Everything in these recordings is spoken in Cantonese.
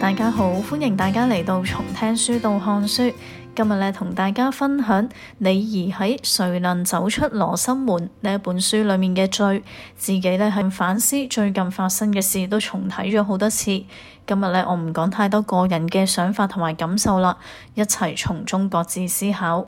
大家好，歡迎大家嚟到從聽書到看書。今日呢，同大家分享李怡喺《誰能走出羅生門》呢本書裏面嘅最自己呢係反思最近發生嘅事，都重睇咗好多次。今日呢，我唔講太多個人嘅想法同埋感受啦，一齊從中各自思考。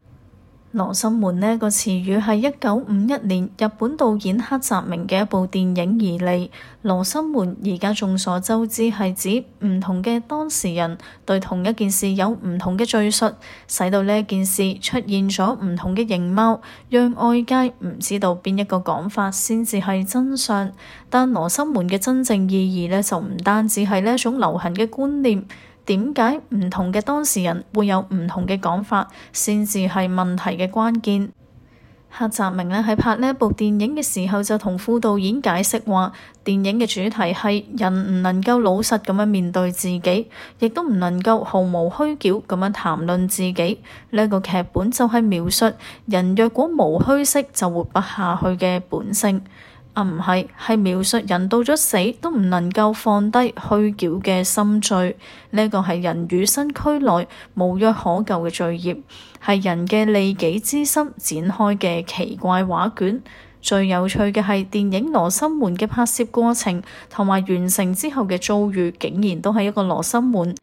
羅生門呢一個詞語係一九五一年日本導演黑澤明嘅一部電影而嚟。羅生門而家眾所周知係指唔同嘅當事人對同一件事有唔同嘅敘述，使到呢件事出現咗唔同嘅形貌，讓外界唔知道邊一個講法先至係真相。但羅生門嘅真正意義呢，就唔單止係呢一種流行嘅觀念。點解唔同嘅當事人會有唔同嘅講法，先至係問題嘅關鍵？黑澤明呢，喺拍呢一部電影嘅時候，就同副導演解釋話，電影嘅主題係人唔能夠老實咁樣面對自己，亦都唔能夠毫無虛矯咁樣談論自己。呢一個劇本就係描述人若果無虛飾就活不下去嘅本性。啊，唔係，係描述人到咗死都唔能夠放低虛繳嘅心罪，呢、呢個係人與身軀內無藥可救嘅罪孽，係人嘅利己之心展開嘅奇怪畫卷。最有趣嘅係電影《羅生門》嘅拍攝過程同埋完成之後嘅遭遇，竟然都係一個羅生門。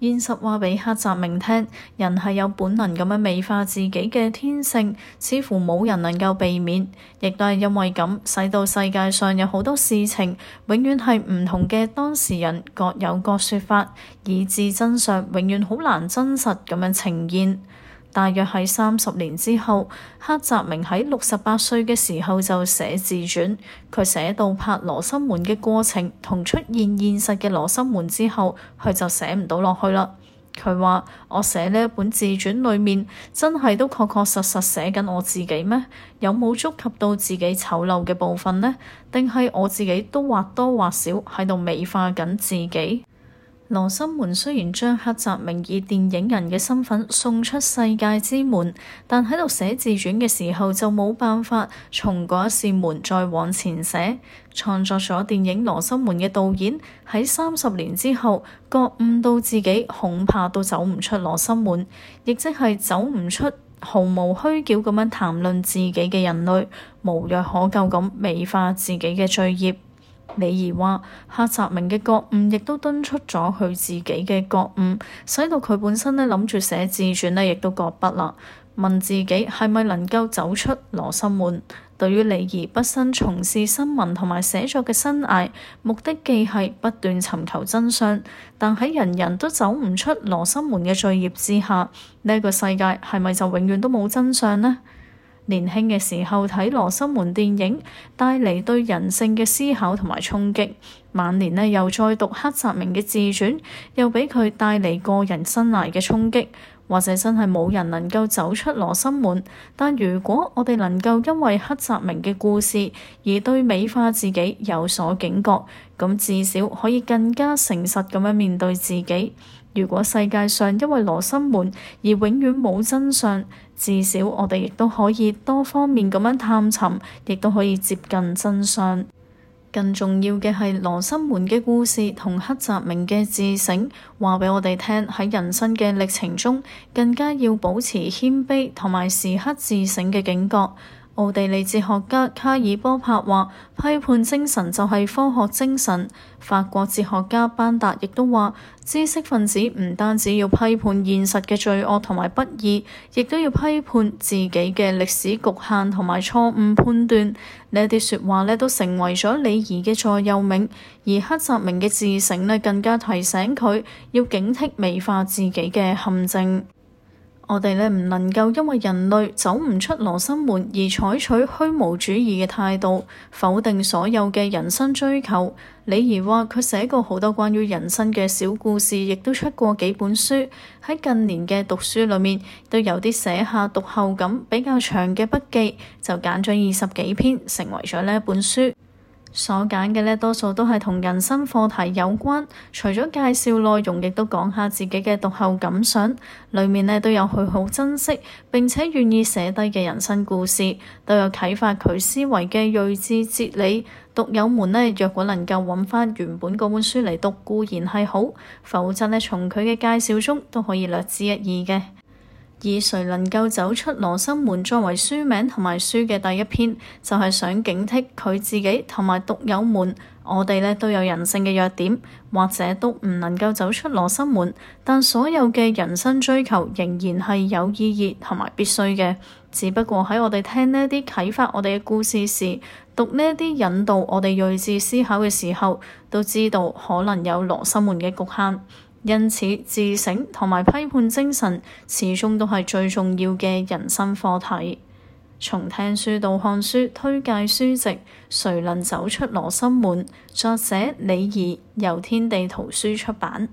現實話俾黑澤明聽，人係有本能咁樣美化自己嘅天性，似乎冇人能夠避免，亦都係因為咁，使到世界上有好多事情永遠係唔同嘅當事人各有各說法，以致真相永遠好難真實咁樣呈現。大約係三十年之後，黑澤明喺六十八歲嘅時候就寫自傳。佢寫到拍《羅生門》嘅過程同出現現實嘅《羅生門》之後，佢就寫唔到落去啦。佢話：我寫呢一本自傳裏面，真係都確確實實寫緊我自己咩？有冇觸及到自己醜陋嘅部分呢？定係我自己都或多或少喺度美化緊自己？羅生門雖然將黑澤明以電影人嘅身份送出世界之門，但喺度寫自傳嘅時候就冇辦法從嗰一扇門再往前寫。創作咗電影《羅生門》嘅導演喺三十年之後，覺悟到自己恐怕都走唔出羅生門，亦即係走唔出毫無虛矯咁樣談論自己嘅人類，無藥可救咁美化自己嘅罪業。李儀話：黑澤明嘅覺悟亦都敦促咗佢自己嘅覺悟，使到佢本身咧諗住寫自傳咧，亦都擱筆啦，問自己係咪能夠走出羅生門？對於李儀畢生從事新聞同埋寫作嘅生涯，目的既係不斷尋求真相，但喺人人都走唔出羅生門嘅罪孽之下，呢、這個世界係咪就永遠都冇真相呢？年輕嘅時候睇羅生門電影，帶嚟對人性嘅思考同埋衝擊。晚年呢，又再讀黑澤明嘅自傳，又俾佢帶嚟個人生涯嘅衝擊。或者真係冇人能夠走出羅生門，但如果我哋能夠因為黑澤明嘅故事而對美化自己有所警覺，咁至少可以更加誠實咁樣面對自己。如果世界上因為羅生門而永遠冇真相，至少我哋亦都可以多方面咁樣探尋，亦都可以接近真相。更重要嘅係羅生門嘅故事同黑澤明嘅自省，話俾我哋聽，喺人生嘅歷程中，更加要保持謙卑同埋時刻自省嘅警覺。奧地利哲學家卡爾波帕話：批判精神就係科學精神。法國哲學家班達亦都話：知識分子唔單止要批判現實嘅罪惡同埋不義，亦都要批判自己嘅歷史局限同埋錯誤判斷。呢啲說話呢都成為咗李儀嘅座右銘，而黑澤明嘅自省呢更加提醒佢要警惕美化自己嘅陷阱。我哋咧唔能夠因為人類走唔出羅生門而採取虛無主義嘅態度，否定所有嘅人生追求。李怡話佢寫過好多關於人生嘅小故事，亦都出過幾本書。喺近年嘅讀書裏面都有啲寫下讀後感比較長嘅筆記，就揀咗二十幾篇成為咗呢一本書。所揀嘅呢，多數都係同人生課題有關，除咗介紹內容，亦都講下自己嘅讀後感想。裡面呢，都有佢好珍惜並且願意寫低嘅人生故事，都有啟發佢思維嘅睿智哲理。讀友們呢，若果能夠揾返原本嗰本書嚟讀，固然係好；否則呢，從佢嘅介紹中都可以略知一二嘅。以誰能夠走出羅生門作為書名同埋書嘅第一篇，就係想警惕佢自己同埋讀友們，我哋呢都有人性嘅弱點，或者都唔能夠走出羅生門。但所有嘅人生追求仍然係有意義同埋必須嘅。只不過喺我哋聽呢啲啟發我哋嘅故事時，讀呢啲引導我哋睿智思考嘅時候，都知道可能有羅生門嘅局限。因此，自省同埋批判精神始終都係最重要嘅人生課題，從聽書到看書推介書籍，誰能走出羅生門作者李怡，由天地圖書出版。